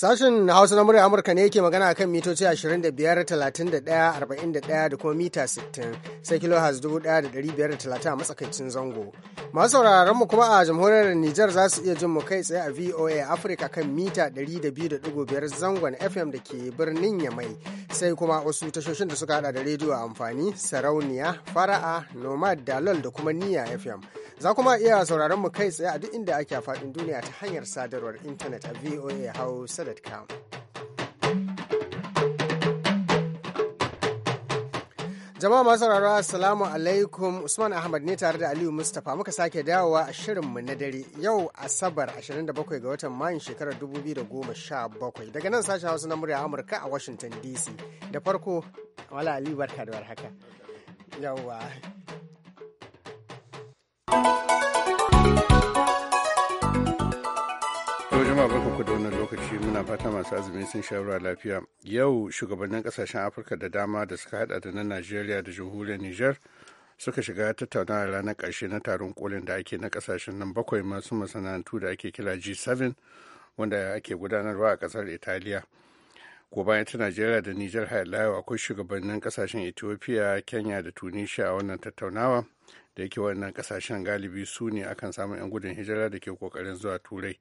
Sashen Hausa na murya Amurka ne yake magana kan mitoci 25, 31, 41 da kuma mita 60 sai kilohaz 1530 a matsakaicin zango. Masu sauraron mu kuma a jamhuriyar Nijar za su iya jin mu kai tsaye a VOA Africa kan mita 102.5 zangon FM da ke birnin Yamai sai kuma wasu tashoshin da suka hada da rediyo amfani, sarauniya, fara'a, nomad, dalol da kuma niya FM. Za kuma iya sauraron mu kai tsaye a duk inda ake faɗin duniya ta hanyar sadarwar intanet a VOA Hausa count. Jama'a masu sauraro Assalamu alaikum Usman Ahmad ne tare da Aliyu Mustapha muka sake dawowa a shirin mu na dare yau Asabar 27 ga watan Mayu shekarar 2017 daga nan sashen Hausa na murya Amurka a Washington DC. Da farko, Wala Aliyu barka da warhaka. yawa jama'a barkanku da wannan lokaci muna fata masu azumi sun shawara lafiya. Yau shugabannin kasashen Afirka da dama da suka hada da na Najeriya da jamhuriyar niger suka shiga tattaunawa ranar karshe na taron kolin da ake na kasashen nan bakwai masu masana'antu da ake kira G7 wanda ake gudanarwa a kasar Italiya. ko bayan ta najeriya da nijar halayewa akwai shugabannin kasashen ethiopia kenya da tunisia a wannan tattaunawa da yake wannan kasashen galibi su ne akan samun 'yan gudun hijira da ke kokarin zuwa turai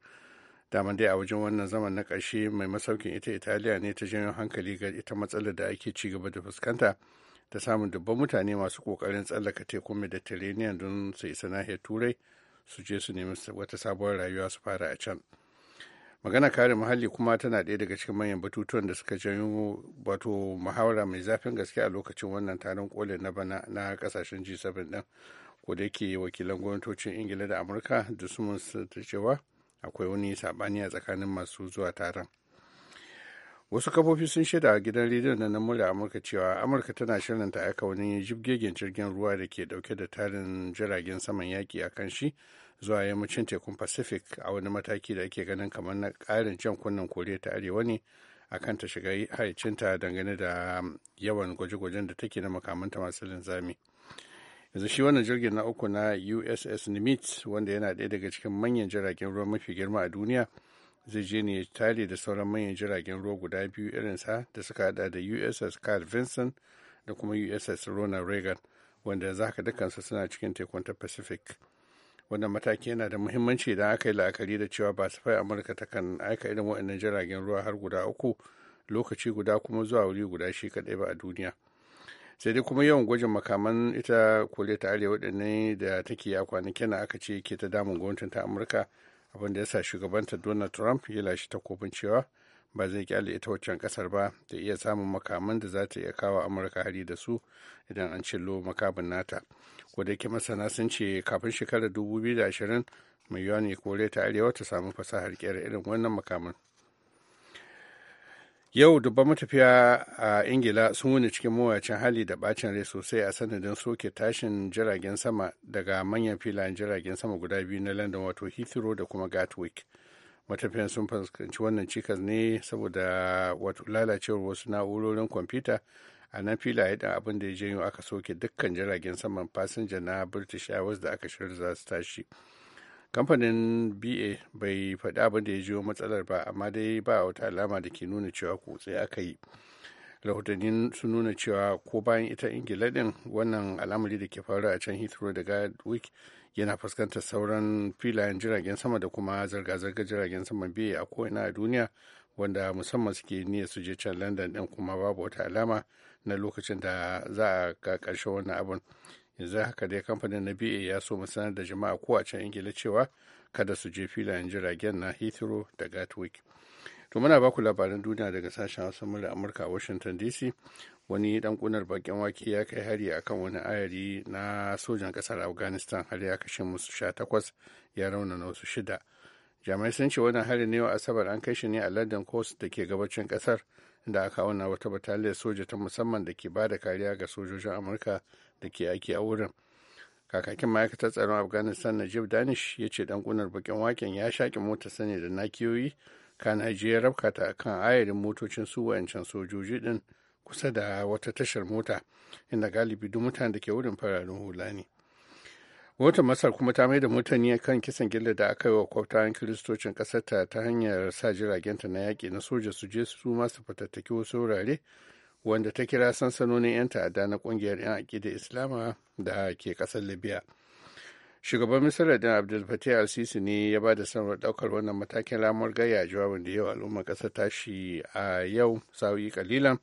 daman dai a wajen wannan zaman na ƙarshe mai masaukin ita italiya ne ta janyo hankali ga ita matsalar da ake ci gaba da fuskanta ta samun dubban mutane masu ƙoƙarin tsallaka tekun mediterranean don su isa nahiyar turai su je su nemi wata sabuwar rayuwa su fara a can magana kare muhalli kuma tana ɗaya daga cikin manyan batutuwan da suka janyo wato muhawara mai zafin gaske a lokacin wannan taron koli na bana na kasashen g7 ɗin ko da yake wakilan gwamnatocin ingila da amurka da su da cewa akwai wani saɓani a tsakanin masu zuwa taron wasu kafofi sun shaida a gidan rediyon da na murya amurka cewa amurka tana shirin ta aika wani jibgegen jirgin ruwa da ke dauke da tarin jiragen saman yaki a kan shi zuwa yammacin tekun pacific a wani mataki da ake ganin kamar na karin jan kunnen koriya ta arewa ne akan ta shiga haicinta dangane da um, yawan gwaje-gwajen da take na makamanta masu linzami yanzu shi wannan jirgin na uku na uss nimitz wanda yana ɗaya daga cikin manyan jiragen ruwa mafi girma a duniya zai je ne tare da sauran manyan jiragen ruwa guda biyu irinsa da suka hada da uss carl vinson da kuma uss ronald reagan wanda za ka dukansu suna cikin tekun ta pacific wannan mataki yana da muhimmanci idan aka yi la'akari da cewa ba su amurka ta kan aika irin waɗannan jiragen ruwa har guda uku lokaci guda kuma zuwa wuri guda shi kaɗai ba a duniya sai dai kuma yawan gwajin makaman ita kole ta arewa waɗannan da take ya kwanakin na aka ce ke ta damun gwamnatin ta amurka abin da ya sa shugabanta donald trump ya lashe ta kofin cewa ba zai kyale ita waccan kasar ba ta iya samun makaman da za ta iya kawo amurka hari da su idan an cillo makamin nata ko da masana sun ce kafin shekarar 2020 mai yawan ne kore ta arewa ta samu fasahar kera irin wannan makaman yau dubban matafiya a ingila sun wuni cikin mawacin hali da bacin rai sosai a sanadin soke tashin jiragen sama daga manyan filayen jiragen sama guda biyu na london wato heathrow da kuma gatwick matafiyan sun fuskanci wannan cikas ne saboda wato lalacewar wasu na'urorin kwamfuta a nan filaye da abin da ya janyo aka soke dukkan jiragen saman fasinja na british airways da aka shirya za su tashi kamfanin ba bai faɗi abin da ya jiyo matsalar ba amma dai ba wata alama da ke nuna cewa kutse aka yi rahotanni sun nuna cewa ko bayan ita ingila din wannan al'amari da ke faru a can heathrow da gatwick yana fuskantar sauran filayen jiragen sama da kuma zirga-zirgar jiragen sama biye a ko'ina a duniya wanda musamman suke niyyar su je can london din kuma babu wata alama na lokacin da za a ga ƙarshen wannan abun yanzu haka dai kamfanin na ba ya so sanar da jama'a ko a can ingila cewa kada su je filayen jiragen na heathrow da gatwick to muna baku labaran duniya daga sashen hausa mura amurka a washington dc wani dan kunar bakin wake ya kai hari akan wani ayari na sojan kasar afghanistan har ya kashe musu sha takwas ya raunana wasu shida jami'ai sun ce wannan hari ne wa asabar an kai shi ne a london coast da ke gabacin kasar da aka auna wata bataliyar soja ta musamman da ke ba da kariya ga sojojin amurka da ke aiki a wurin kakakin ma'aikatar tsaron afghanistan najib danish ya ce dan kunar bakin waken ya shaƙi mota sani da nakiyoyi kan ajiye rabka ta kan ayarin motocin su wayancan sojoji din kusa da wata tashar mota inda galibi duk mutanen da ke wurin fararen hula ne wata masar kuma ta mai da mutane kan kisan gilla da aka yi wa kwaftayen kiristocin ƙasarta ta hanyar sa jiragenta na yaƙi na soja su je su masu fatattaki wasu wurare wanda ta kira sansanonin 'yan ta'adda na kungiyar 'yan aƙida islama da ke ƙasar libya shugaban misira da abdul fatih al-sisi ne ya ba da sanarwar ɗaukar wannan matakin lamar gaya jawabin da yau al'ummar ƙasar tashi a yau sa'o'i kalilan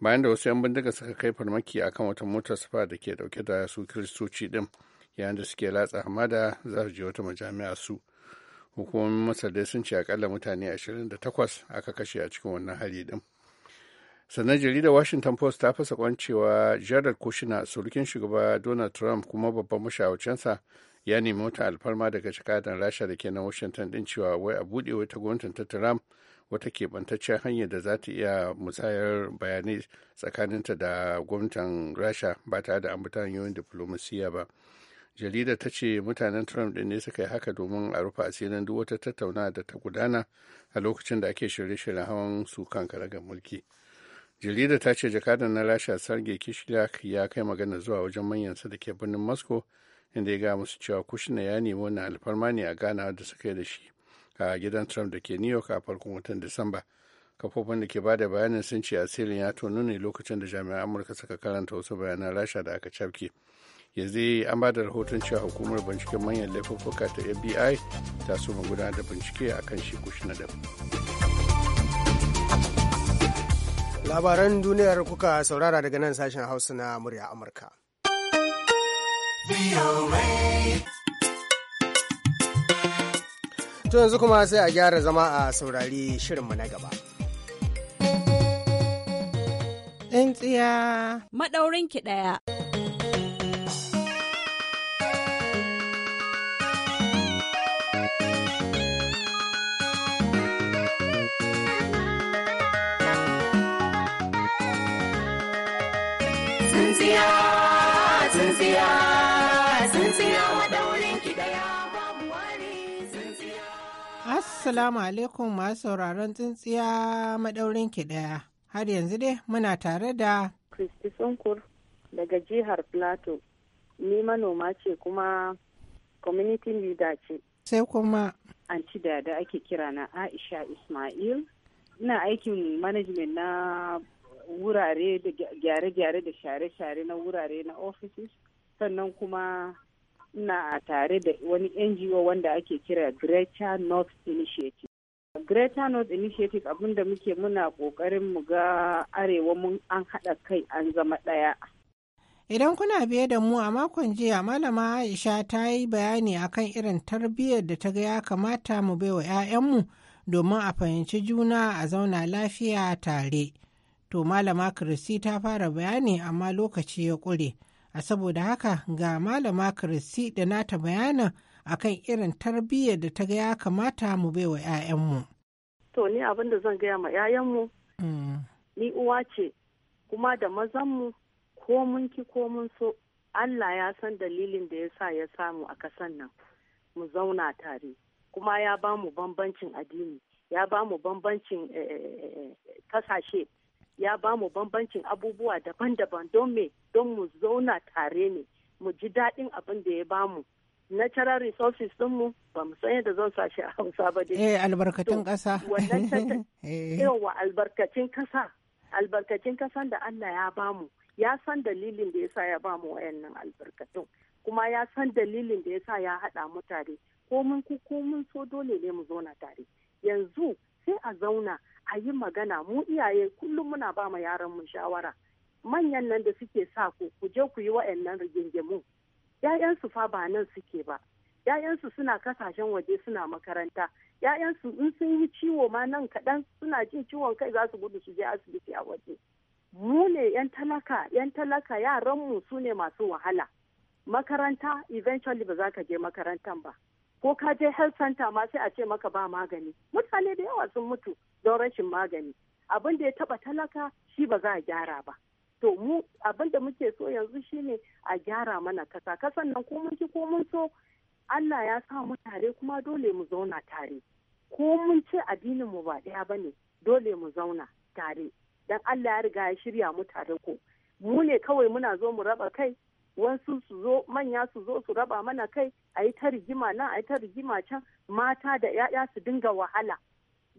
bayan da wasu 'yan bindiga suka kai farmaki akan wata motar sufa da ke dauke da su kiristoci din yayin da suke latsa hamada za su je wata majami'a su hukumomin masar dai sun ce akalla mutane 28 aka kashe a cikin wannan hari din sannan jaridar washington post ta fasa kwancewa cewa jared surukin shugaba donald trump kuma babban mashawarcinsa ya nemi wata alfarma daga jakadan rasha da ke na washington din cewa wai a buɗe wata gwamnatin ta trump wata keɓantaccen hanyar da za ta iya musayar bayanai tsakaninta da gwamnatin rasha ba tare da ta hanyoyin diflomasiyya ba jaridar ta ce mutanen trump ɗin ne suka yi haka domin a rufe asirin duk wata tattauna da ta gudana a lokacin da ake shirye-shiryen hawan su kan karagar mulki jaridar ta ce jakadan na rasha sarge kishlyak ya kai magana zuwa wajen manyansa da ke birnin moscow inda ya ga musu cewa kushina ya nemi wani alfarma ne a ganawa da suka yi da shi a gidan trump da ke new york a farkon watan disamba kafofin da ke bada bayanin sun ce asirin ya tono ne lokacin da jami'an amurka suka karanta wasu bayanan rasha da aka cafke yanzu an ba da rahoton cewa hukumar binciken manyan laifuffuka ta fbi ta so gudanar da bincike kan shi kushna da labaran duniyar kuka saurara daga nan sashen hausa na murya amurka To yanzu kuma sai a gyara zama a saurari shirinmu na gaba. Tsintsiya. Maɗaurinki ɗaya. tsintsiya tsintsiya tsintsiya assalamu alaikum masu sauraron tsintsiya madaurin ki daya har yanzu dai muna tare da kristi sunkur daga jihar plateau ni manoma ce kuma community leader ce sai kuma anti da da ake kira na aisha ismail ina aikin management na wurare da gyare-gyare da share-share na wurare na offices sannan kuma ina tare da wani ngo wanda ake kira greater north initiative greater north initiative abinda muke muna kokarin mu ga arewa mun an haɗa kai an zama ɗaya Idan kuna biye da mu a makon jiya malama Aisha ta yi bayani akan irin tarbiyyar da ta ga ya kamata mu baiwa 'ya'yanmu domin a fahimci juna a zauna lafiya tare. To Malama Kristi ta fara bayani amma lokaci ya ƙure. A saboda haka ga Malama Kristi da nata bayanin akan irin tarbiyyar da ta ga ya kamata mu bai wa 'ya'yanmu. To ni abin da zan gaya ma 'ya'yanmu mm. ni uwa ce kuma da mazanmu ko mun ki ko mun so Allah ya san dalilin da ya sa ya samu a kasan nan mu zauna tare kuma ya ba mu bambancin addini ya ba mu bambancin kasashe eh, eh, eh, ya ba mu bambancin abubuwa daban-daban don me don mu zauna tare ne mu ji daɗin abin da ya bamu natural resources mu ba mu san yadda zan sa shi a hausa ba dai eh albarkacin kasa. yawa albarkacin ƙasa albarkacin ƙasan da Allah ya bamu ya san dalilin da ya sa ya bamu wayannan albarkatun kuma ya san dalilin da ya sa ya haɗa mutane tare ko mun ku ko mun so dole ne mu zauna tare yanzu sai a zauna a yi magana mu iyaye kullum muna ba ma yaran mu shawara manyan nan da suke sa ku ku je ku yi wa'annan rigingimu ‘ya'yansu fa ba nan suke ba ‘ya'yansu suna kasashen waje suna makaranta ‘ya'yansu in sun yi ciwo ma nan kaɗan suna jin ciwon kai za su gudu su je asibiti a waje mu ne ‘yan talaka ‘yan talaka yaranmu su ne masu wahala makaranta eventually ba za ka je makarantan ba ko ka je health center ma sai a ce maka ba magani mutane da yawa sun mutu don rashin magani abin da ya taba talaka shi ba za a gyara ba to mu abin da muke so yanzu shine a gyara mana kasa kasan nan ko mun ki ko mun so Allah ya sa mu tare kuma dole mu zauna tare ko mun ci addinin mu ba daya bane dole mu zauna tare dan Allah ya riga ya shirya mu tare ko mu ne kawai muna zo mu raba kai wasu su zo manya su zo su raba mana kai a yi ta rigima nan a yi ta rigima can mata da 'ya'ya su dinga wahala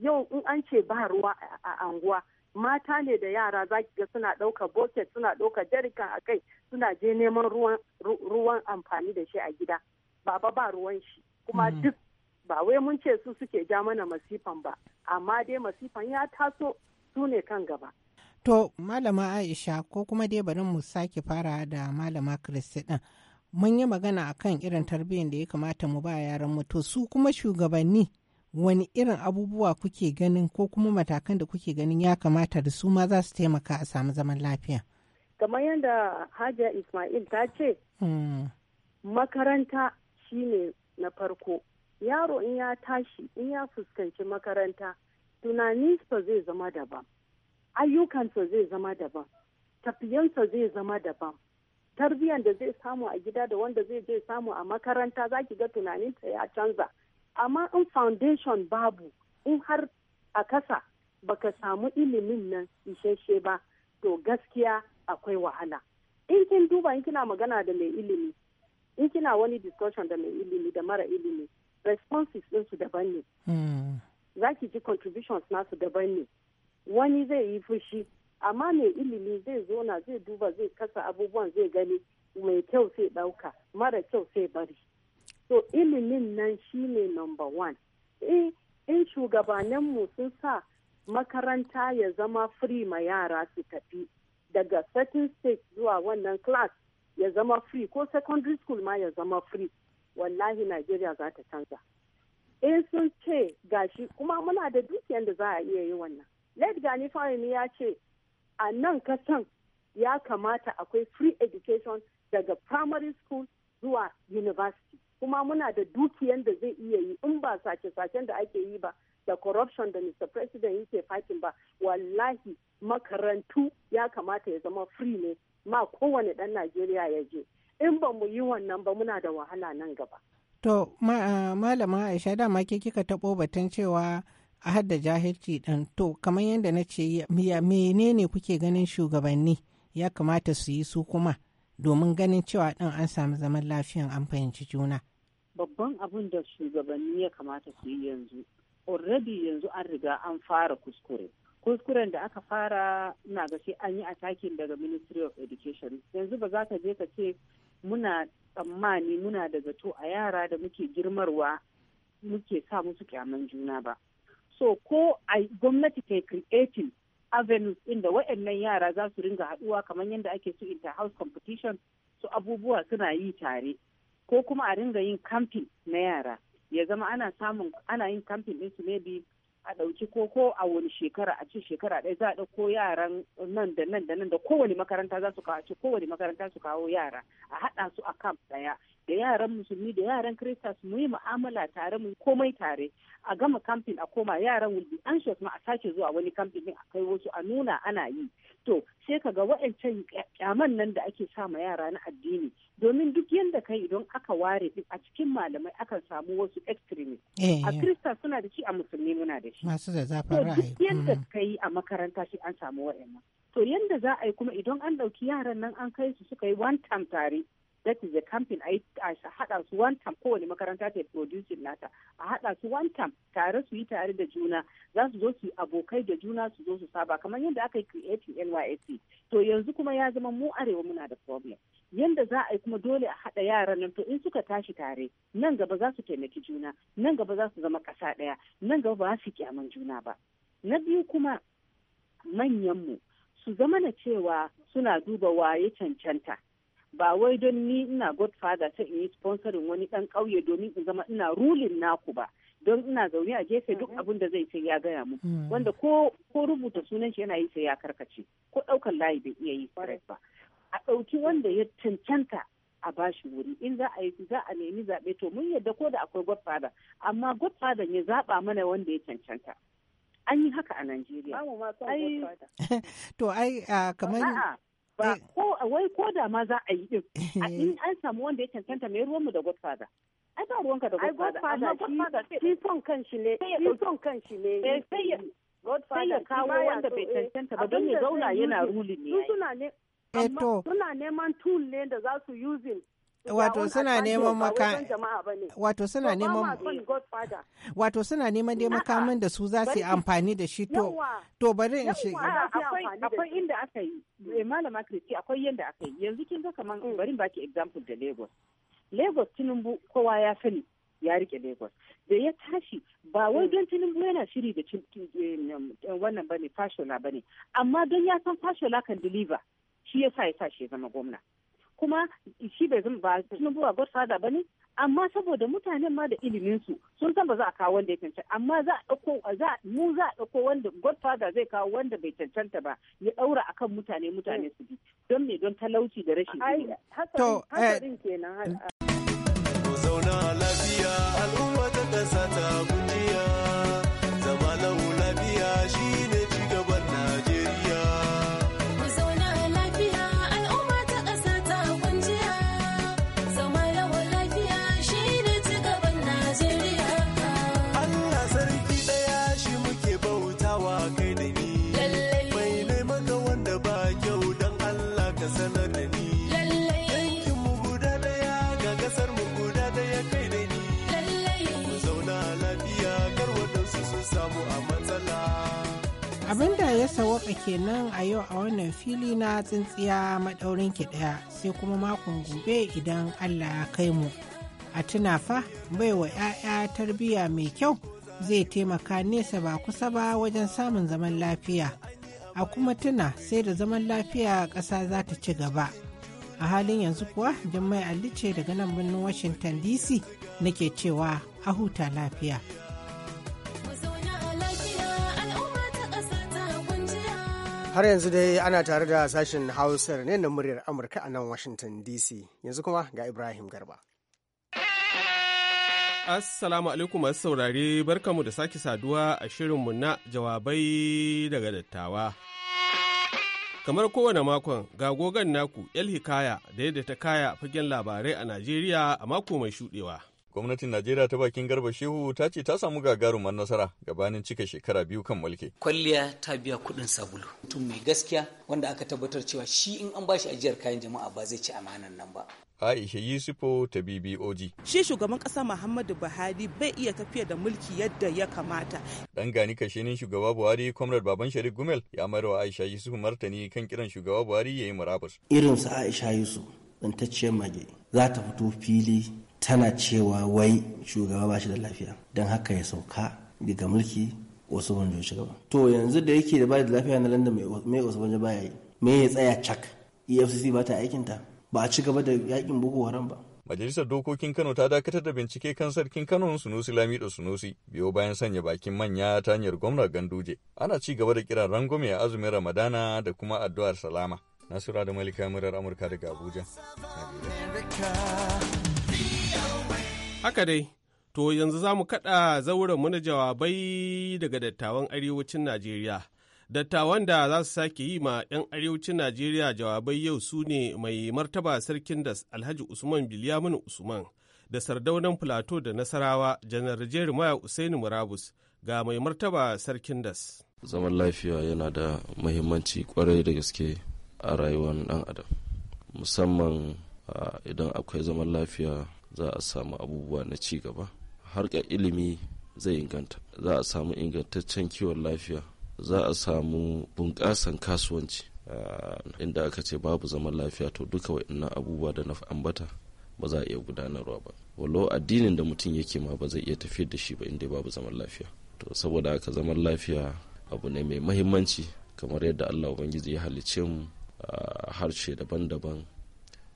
yau in an ce ba ruwa a anguwa mata ne da yara za ki ga suna ɗauka boket suna ɗauka jarikan a kai suna je neman ruwan amfani da shi a gida baba ba ruwan shi kuma mm. duk ba wai mun ce su suke ja mana masifan ba amma dai masifan ya taso su ne kan gaba to malama aisha ko kuma dai bari mu sake fara da malama kristi din mun yi magana akan irin tarbiyyar da ya kamata mu ba yaran mu to su kuma shugabanni wani irin abubuwa kuke ganin ko kuma matakan da kuke ganin ya kamata da su ma za su taimaka a samu zaman lafiya. Kamar yadda Hajiya Ismail ta ce, hmm. makaranta shi ne na farko. Yaro in ya tashi in ya fuskanci makaranta, tunaninsa zai zama daban, ayyukansa zai zama daban, tafiyansa zai zama daban. tarbiyyar da zai samu a gida da wanda zai je samu a makaranta za ki ga tunaninsa ya canza. amma in foundation babu in har a kasa baka samu ilimin nan isasshe ba to gaskiya akwai wahala in kin duba in kina magana da mai ilimi in kina wani discussion da mai ilimi da mara ilimi responses su daban ne hmm. za ki ji contributions nasu daban ne wani zai yi fushi amma mai ilimi zai zona zai duba zai kasa abubuwan zai gani mai kyau sai ɗauka mara kyau sai bari so ilimin nan shi ne number one e, in shugabaninmu sun sa makaranta ya zama free ma yara su tafi daga certain state zuwa wannan class ya zama free ko secondary school ma ya zama free wallahi Najeriya za ta canza. In sun ce gashi kuma muna da dukiyar da za a iya yi wannan. Late Gani Fahimi ya ce a nan kasan ya kamata akwai free education daga primary school zuwa university. kuma muna da dukiyan da zai iya yi in ba sace-sacen da ake yi ba da corruption da Mr. President yake fakin ba wallahi makarantu ya kamata ya zama free ne ma kowane dan Najeriya ya je in ba mu yi wannan ba muna da wahala nan gaba. To malama Aisha dama ke kika taɓo batun cewa a hadda jahilci danto to kamar yadda na ce menene kuke ganin shugabanni ya kamata su yi su kuma domin ganin cewa ɗin an samu zaman lafiyan an fahimci juna. babban abun da shugabanni ya kamata su yi yanzu already yanzu an riga an fara kuskure kuskuren da aka fara na ga shi an yi atakin daga ministry of education yanzu ba za ka je ka ce muna tsammani muna da zato a yara da muke girmarwa muke sa musu kyaman juna ba so ko a gwamnati ta creating avenues inda waɗannan yara za su ringa haɗuwa kamar yadda ake su inter house competition su abubuwa suna yi tare ko kuma a ringa yin kamfin na yara ya zama ana samun ana yin kamfin ɗinsu ne bi a ɗauki ko ko a wani shekara a ce shekara ɗaya za a ɗauko yaran nan da nan da nan da kowane makaranta za su kawo ce kowane makaranta su kawo yara a haɗa su a kamp ɗaya da yaran musulmi da yaran kristas mu yi mu'amala tare mu komai tare a gama kamfin a koma yaran will be anxious ma a sake zuwa wani kamfin din a kai wasu a nuna ana yi to sai ka ga wa'ancan kyaman nan da ake sa ma yara na addini domin duk yadda kai idan aka ware din a cikin malamai akan samu wasu extremist eh, a krista eh. suna da shi a musulmi muna da shi masu da zafin ra'ayi duk yadda mm. kai a makaranta shi an samu wa'annan to yadda za a yi kuma idan an ɗauki yaran nan an kai su suka yi one time tare that is a campaign a haɗa su one time kowane makaranta ta producing nata a haɗa su one time tare su yi tare da juna za su zo su abokai da juna su zo su saba kamar yadda aka yi creating NYSC to yanzu kuma ya zama mu arewa muna da problem yanda za a yi kuma dole a haɗa yaran nan to in suka tashi tare nan gaba za su taimaki juna nan gaba za su zama ƙasa ɗaya nan gaba ba su kyaman juna ba na biyu kuma manyanmu su zama na cewa suna duba waye cancanta ba wai don ni ina godfather ta in yi sponsorin wani dan kauye domin in zama ina rulin naku ba don ina zaune a gefe duk mm-hmm. abin da zai sai ya gaya mu mm. wanda ko ko rubuta sunan shi yana yi sai ya karkace ko ɗaukan layi bai iya yi correct ba a ɗauki wanda ya cancanta a bashi wuri in za a yi za a nemi zaɓe to mun yadda ko da akwai godfather amma godfather ya zaɓa mana wanda ya cancanta an yi haka a Najeriya. To ai kamar ba eh. ko wai ko da ma za a yi din in an samu wanda ya cancanta mai ruwanmu da godfather ai ba ruwanka da godfather ai godfather shi son shi ne shi son shi ne sai ya eh, kawo wanda bai eh, cancanta ba don ya zauna yana ruli ne suna ne suna neman tool ne da za su using wato suna neman maka wato suna neman dai makamin da su za su yi amfani da shi to to bari in shi akwai inda aka yi eh, malama kristi akwai yanda aka yi yanzu kin ga kaman mm. bari baki example da Lagos Lagos Tinubu kowa ya sani ya rike Lagos da ya tashi ba wai mm. don Tinubu yana shiri da wannan bane fashola bane amma don ya san fashola kan deliver shi yasa ya sa shi ya zama gwamna kuma shi bai zama ba tunubu ba godfather ba ne amma saboda mutanen ma da ilimin su sun san ba za a kawo wanda ya cancanta amma za a dauko za mu za a dauko wanda godfather zai kawo wanda bai cancanta ba ya daura akan mutane mutane su bi don me don talauci da rashin ilimi to eh, kenan eh. zauna lafiya al'umma ta kasa ta gujiya kenan a yau a wannan fili na tsintsiya maɗaurin ki ɗaya sai kuma makon gobe idan Allah ya kai mu. A tuna fa baiwa 'ya'ya tarbiyya mai kyau zai taimaka nesa ba kusa ba wajen samun zaman lafiya. A kuma tuna sai da zaman lafiya ƙasa za ta ci gaba. A halin yanzu kuwa Jummai allice ce daga nan birnin Washington DC nake cewa a huta lafiya. Har yanzu dai ana tare da sashen Hausar ne na muryar Amurka a nan Washington DC. Yanzu kuma ga Ibrahim Garba. Assalamu alaikum masu saurare barkamu da sake saduwa a shirinmu na jawabai daga dattawa. Kamar kowane makon ga gogon naku El Hikaya da yadda ta kaya fagen labarai a Najeriya a mako mai shudewa. gwamnatin najeriya ta bakin garba shehu ta ce ta samu gagarumar nasara gabanin cika shekara biyu kan mulki kwalliya ta biya kuɗin sabulu mutum mai gaskiya wanda aka tabbatar cewa shi in an bashi ajiyar kayan jama'a ba zai ci amanan nan ba Aisha Yusufu ta BBOG. Shi shugaban ƙasa Muhammadu Buhari bai iya tafiya da mulki yadda ya kamata. Dan gani kashinin shugaba Buhari, Comrade Baban Sharif Gumel ya wa Aisha Yusufu martani kan kiran shugaba Buhari ya yi murabus. Irin Aisha Yusuf ce mage za ta fito fili tana cewa wai shugaba ba shi da lafiya don haka ya sauka daga mulki osubanjo ya shugaba to yanzu da yake da ba da lafiya na landa mai osubanjo ba ya yi me ya tsaya cak efcc ba ta aikinta ba a ci gaba da yakin boko haram ba Majalisar Dokokin Kano ta dakatar da bincike kan sarkin Kano Sunusi Lamido Sunusi biyo bayan sanya bakin manya ta hanyar gwamna Ganduje. Ana ci gaba da kiran rangwame a azumin Ramadana da kuma addu'ar salama. Nasura da Malika Murar Amurka daga Abuja. Haka dai, to yanzu za mu kaɗa zauren mu na jawabai daga dattawan arewacin Najeriya. Dattawan da za su sake yi ma 'yan arewacin Najeriya jawabai yau su ne mai martaba sarkin da Alhaji Usman Bilyamin Usman da sardaunan Filato da Nasarawa janar Jerimaya Usaini Murabus ga mai martaba sarkin das. Zaman lafiya yana da muhimmanci kwarai da gaske a rayuwar ɗan adam musamman ah, idan akwai zaman lafiya za a samu abubuwa na ci gaba harkar ilimi zai inganta za a samu ingantaccen kiwon lafiya za a samu bunƙasan kasuwanci ah, inda aka ce babu zaman lafiya to duka wa'annan abubuwa da na ambata ba za a iya gudanarwa ba wallo addinin da mutum yake ma ba zai iya tafiyar da shi ba inda babu zaman lafiya to saboda haka zaman lafiya abu ne mai mahimmanci kamar yadda allah ubangiji ya halicce mu ah, harshe daban-daban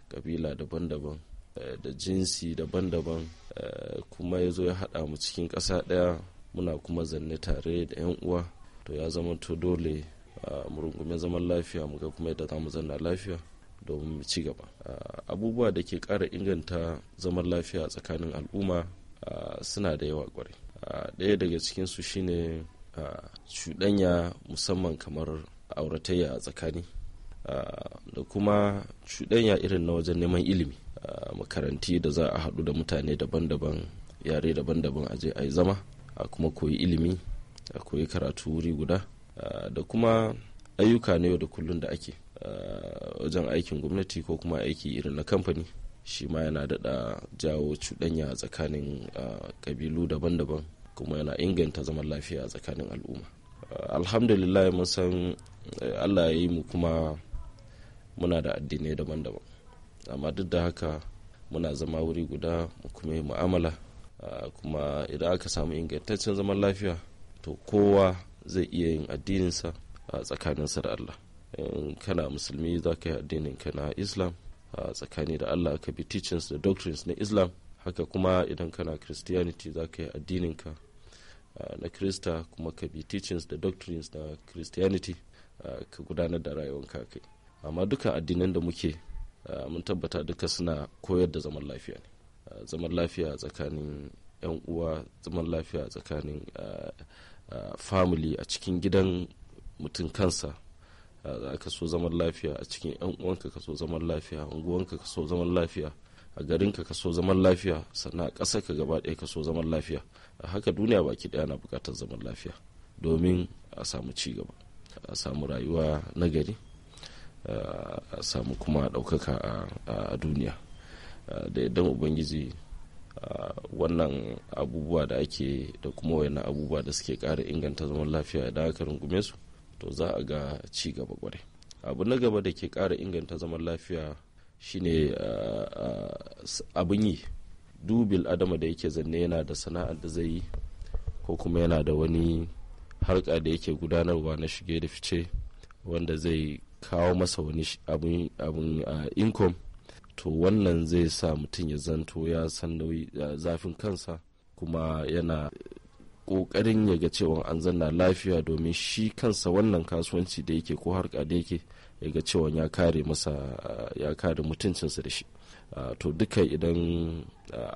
kabila daban-daban Eh, da jinsi daban-daban eh, kuma ya zo ya haɗa mu cikin ƙasa ɗaya muna kuma zanne tare da 'yan uwa to ya zama to dole eh, mu rungume zaman lafiya mu ga kuma yadda za mu zanna lafiya domin mu ci gaba abubuwa da ke ƙara inganta zaman lafiya tsakanin al'umma suna da yawa kwarai ɗaya daga cikinsu shine cuɗanya musamman kamar auratayya a tsakani da kuma cuɗanya irin na wajen neman ilimi makaranti da za a haɗu da mutane daban-daban yare daban-daban a je a yi zama a kuma koyi ilimi a koyi karatu wuri guda da kuma ayyuka na yau da kullum da ake wajen aikin gwamnati ko kuma aiki irin na kamfani shi ma yana daɗa jawo cuɗanya tsakanin ƙabilu daban-daban kuma yana inganta zaman lafiya tsakanin al'umma alhamdulillah mun san eh, allah ya yi mu kuma muna da addinai daban-daban amma duk da haka muna zama wuri guda mu kuma yi mu'amala kuma idan aka samu ingantaccen zaman lafiya to kowa zai iya yin addininsa a tsakaninsa da Allah in kana musulmi za ka yi addinin ka na islam a tsakani da Allah ka bi teachings da doctrines na islam haka kuma idan kana christianity za ka yi addinin ka na krista kuma ka bi teachings da doctrines na christianity ka gudanar da rayuwanka kai amma duka addinan da muke Eh, mun tabbata duka suna koyar da zaman lafiya ne eh, zaman lafiya tsakanin 'yan uwa zaman lafiya tsakanin eh, family a cikin gidan mutum kansa ka so zaman lafiya a cikin 'yan uwanka ka so zaman lafiya unguwanka ka so zaman lafiya a garinka ka so zaman lafiya sannan a ƙasar ka gaba ɗaya ka so zaman lafiya haka duniya baki ɗaya na buƙatar zaman lafiya domin a samu ci gaba a samu rayuwa na gari a samu kuma ɗaukaka a duniya da idan ubangiji wannan abubuwa da ake da kuma wani abubuwa da suke kara inganta zaman lafiya da aka rungume su to za a ga ci gaba kwarai abu na gaba da ke kara inganta zaman lafiya shine abin yi dubil adama da yake zanne yana da sana'ar da zai yi ko kuma yana da wani harka da yake gudanarwa na shige da fice wanda zai kawo masa wani abin a income to wannan zai sa mutum ya zanto ya san zafin kansa kuma yana ƙoƙarin ya ga cewa an zanna lafiya domin shi kansa wannan kasuwanci da yake ko harka da yake ya ga cewa ya kare masa ya kare mutuncinsa da shi to duka idan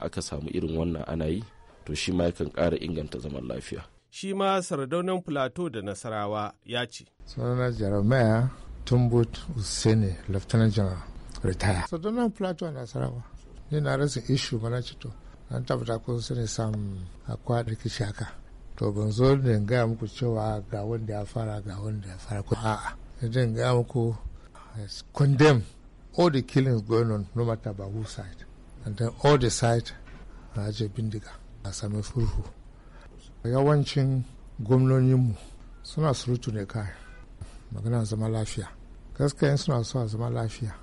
aka samu irin wannan ana yi to shi ma yakan ƙara inganta zaman lafiya shi ma sardaunan plateau da nasarawa ya ce sunana jeremiah tumbut usene lieutenant general retire so don nan plato a nasarawa ni na rasa ishu mana cito ci to an tabbata kun sani sam akwai da kishi to ban zo ne gaya muku cewa ga wanda ya fara ga wanda ya fara ko a'a idan gaya muku condemn all the killings going on no matter by who side and then all the side na aje bindiga a sami furhu yawancin gwamnoninmu suna surutu ne kai maganar zama lafiya gaskiya suna so a zama lafiya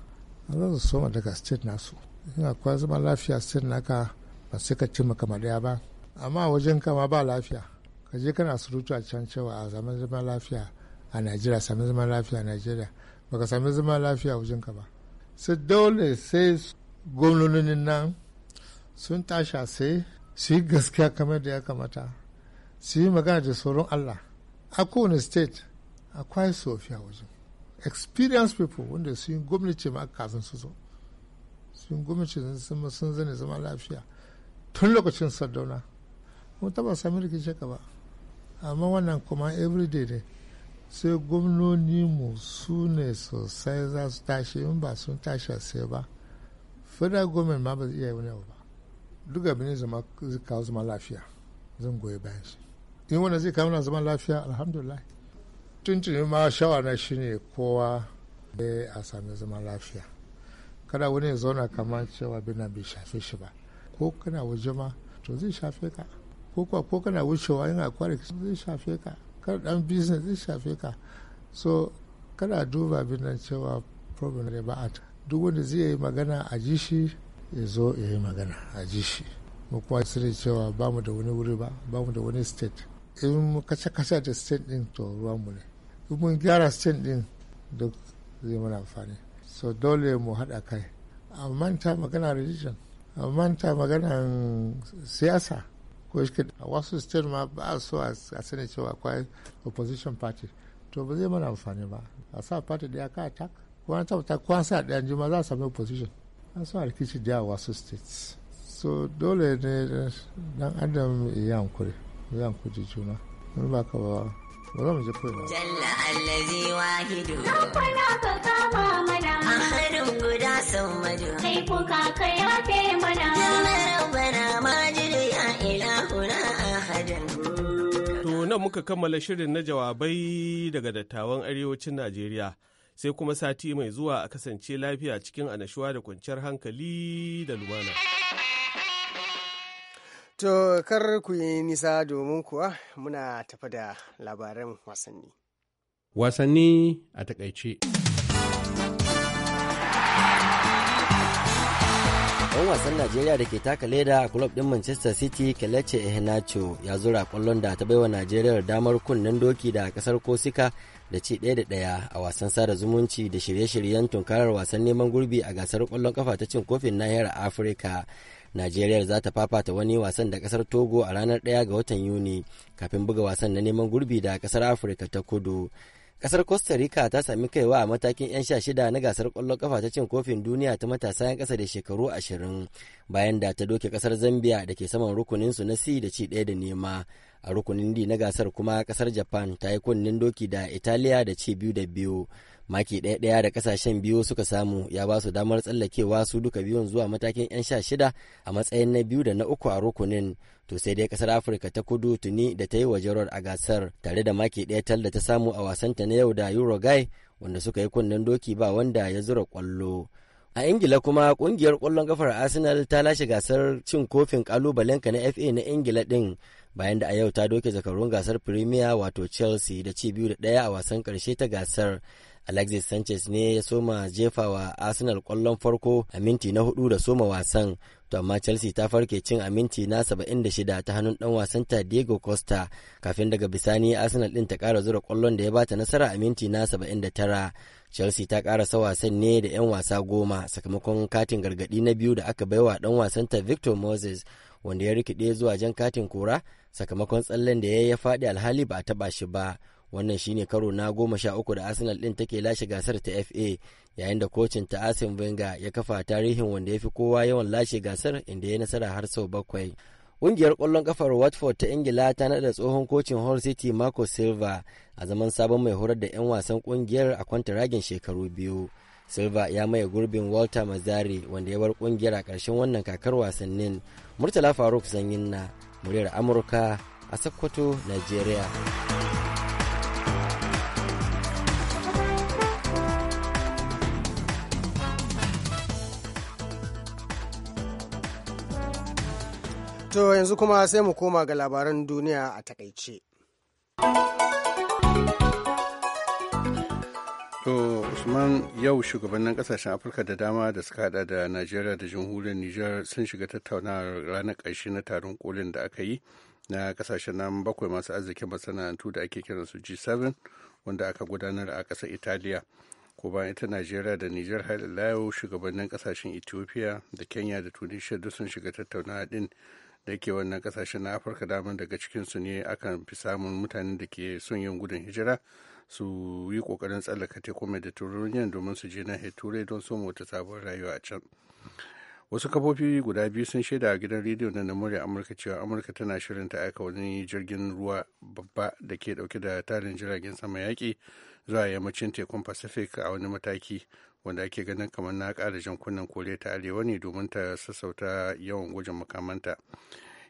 a za su soma daga state nasu in akwai zama lafiya state naka ba sai ka ci maka daya ba amma wajen kama ba lafiya ka je kana surutu a can cewa a zama zama lafiya a najeriya sami zama lafiya a najeriya baka sami zama lafiya wajen ka ba sai dole sai gwamnonin nan sun tasha sai su yi gaskiya kamar da ya kamata su yi magana da tsoron allah a kowane state akwai sofiya waje. experience people wanda su yi gwamnati ma kafin su zo su yi gwamnati sun zane zama lafiya tun lokacin sardauna mun taba sami rikice ka ba amma wannan kuma everyday ne sai gwamnoni mu su ne sosai za su tashi in ba sun tashi sai ba federal government ma ba zai iya wani ba duk abin ne zama kawo zama lafiya zan goyi bayan shi in wanda zai kawo zama lafiya alhamdulillah tuntuni ma shawara shine kowa a sami zaman lafiya kada wani zauna kamar cewa bina bai shafe shi ba ko kana waje ma to zai shafe ka ko kuwa ko kana wucewa yana kware zai shafe ka kar dan business zai shafe ka so kada duba bin nan cewa problem ne ba a duk wanda zai yi magana a ji shi ya zo ya yi magana a ji shi mu kuma sani cewa ba mu da wani wuri ba ba mu da wani state in kace kace da state din to ruwanmu ne mun gyara sin din duk zai mana amfani so dole mu haɗa kai a manta magana religion a manta magana siyasa ko shi a wasu state ma ba so a sani cewa akwai opposition party to ba zai mana amfani ba a sa party daya ka attack ko an tabbata ko an sa daya juma za a sami opposition an a rikici da a wasu states so dole ne dan adam ya hankuri ya hankuri juna ba ka ba ba za mu je koyi jalla allazi wahidu kamfana ka kama mana ahadun guda sau madu kai kuka ka yafe mana jalla rabbana majidu ya ilahuna ahadun to nan muka kammala shirin na jawabai daga dattawan arewacin Najeriya sai kuma sati mai zuwa a kasance lafiya cikin anashuwa da kwanciyar hankali da lumana. To kar ku yi nisa domin kuwa muna tafa da labaran wasanni. Wasanni a takaice. Ɗan wasan Najeriya da ke taka leda a kulob ɗin Manchester City Kelechi Ehenacho ya zura kwallon da ta baiwa Najeriya damar kunnen doki da ƙasar Kosika da ci ɗaya da ɗaya a wasan sada zumunci da shirye-shiryen tunkarar wasan neman gurbi a gasar kwallon ƙafa ta cin kofin nahiyar Afirka. najeriya za ta fafata wani wasan da kasar togo a ranar 1 ga watan yuni kafin buga wasan na neman gurbi da kasar afirka ta kudu kasar costa rica ta sami kaiwa a matakin 'yan sha shida na gasar kwallon kafa ta cin kofin duniya ta matasa 'yan kasa da shekaru ashirin bayan da ta doke kasar zambia da ke saman rukunin su na c da ci ɗaya da nema a rukunin d na gasar kuma kasar japan ta yi kunnen doki da italiya da ci biyu da biyu maki ɗaya ɗaya da kasashen biyu suka samu ya ba su damar tsallakewa su duka biyun zuwa matakin 'yan sha shida a matsayin na biyu da na uku a rukunin to sai dai ƙasar afirka ta kudu tuni da ta yi wa jarar a gasar tare da maki ɗaya tal da ta samu a wasanta na yau da yurogai wanda suka yi kunnen doki ba wanda ya zura kwallo a ingila kuma kungiyar kwallon kafar arsenal ta lashe gasar cin kofin kalubalenka na fa na ingila din bayan da a yau ta doke zakarun gasar premier wato chelsea da ci biyu da ɗaya a wasan karshe ta gasar alexis sanchez ne ya soma jefawa arsenal kwallon farko a minti na hudu da soma wasan to amma chelsea ta farke cin a minti na 76 ta hannun dan wasan ta diego costa kafin daga bisani arsenal din ta kara zura kwallon da ya bata nasara a minti na 79 chelsea ta sa wasan ne da 'yan wasa goma sakamakon katin gargadi na biyu da aka baiwa dan wasan ta victor moses wanda ya rikide zuwa jan katin kura sakamakon tsallen da ya ya faɗi alhali ba a taɓa shi ba wannan shine karo na goma sha uku da arsenal din take lashe gasar ta fa yayin da kocin ta asin venga ya kafa tarihin wanda ya fi kowa yawan lashe gasar inda ya nasara har sau bakwai Ƙungiyar ƙwallon kafar Watford ta Ingila ta naɗa tsohon kocin hall City Marco Silva a zaman sabon mai horar da 'yan wasan ƙungiyar a kwantaragin shekaru biyu. Silva ya maye gurbin Walter mazari wanda ya bar ƙungiyar a ƙarshen wannan kakar wasannin. Murtala Faruk Sanyin muryar Amurka a Sokoto, Nigeria. To yanzu kuma sai mu koma ga labaran duniya a takaice. To Usman yau shugabannin kasashen Afirka da dama da suka hada da Najeriya da jamhuriyar Nijar sun shiga tattaunawar ranar ƙarshe na taron kolin da aka yi na kasashen nan bakwai masu arzikin masana'antu da ake kiran su G7 wanda aka gudanar a ƙasar Italiya. ko bayan ita najeriya da nijar har layo shugabannin kasashen ethiopia da kenya da tunisia duk sun shiga tattaunawa din da yake wannan kasashen na afirka daman daga cikinsu ne akan fi samun mutanen da ke son yin gudun hijira su yi kokarin tsallaka teku mediterranean domin su je nahiyar turai don so wata sabon rayuwa a can wasu kafofi guda biyu sun shaida a gidan rediyo na murya amurka cewa amurka tana shirin ta aika wani jirgin ruwa babba da ke dauke da tarin jiragen sama yaƙi zuwa yammacin tekun pacific a wani mataki wanda ake ganin kamar na ƙara jan kunnen kore ta arewa ne domin ta sassauta yawan gwajin makamanta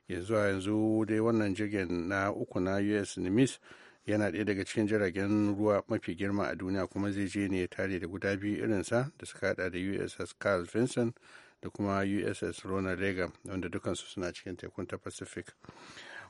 yanzu a yanzu dai wannan jirgin na uku na us nimis yana ɗaya daga cikin jiragen ruwa mafi girma a duniya kuma zai je ne tare da guda biyu irinsa da suka hada da uss carl vinson da kuma uss ronald reagan wanda dukansu suna cikin tekun ta pacific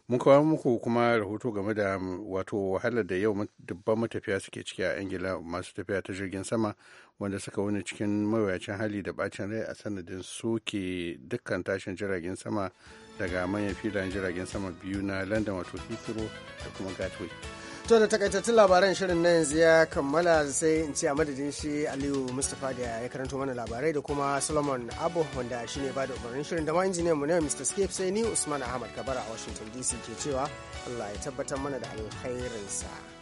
mun kawo muku kuma rahoto game da mm, wato wahalar da yau dubban matafiya suke ciki a ingila masu tafiya ta jirgin sama wanda suka wani cikin mawuyacin hali da bacin rai a sanadin soke dukkan tashin jiragen sama daga manyan filayen jiragen sama biyu na london wato heathrow da kuma gatwick To da takaitattun labaran shirin na yanzu ya kammala sai in ce a madadin shi Aliyu Mustapha da ya karanto mana labarai da kuma Solomon Abu wanda shi ne ba umarnin shirin da ma injiniyan mu ne Mr. Skip sai ni Usman Ahmad Kabara a Washington DC ke cewa Allah ya tabbatar mana da alkhairinsa.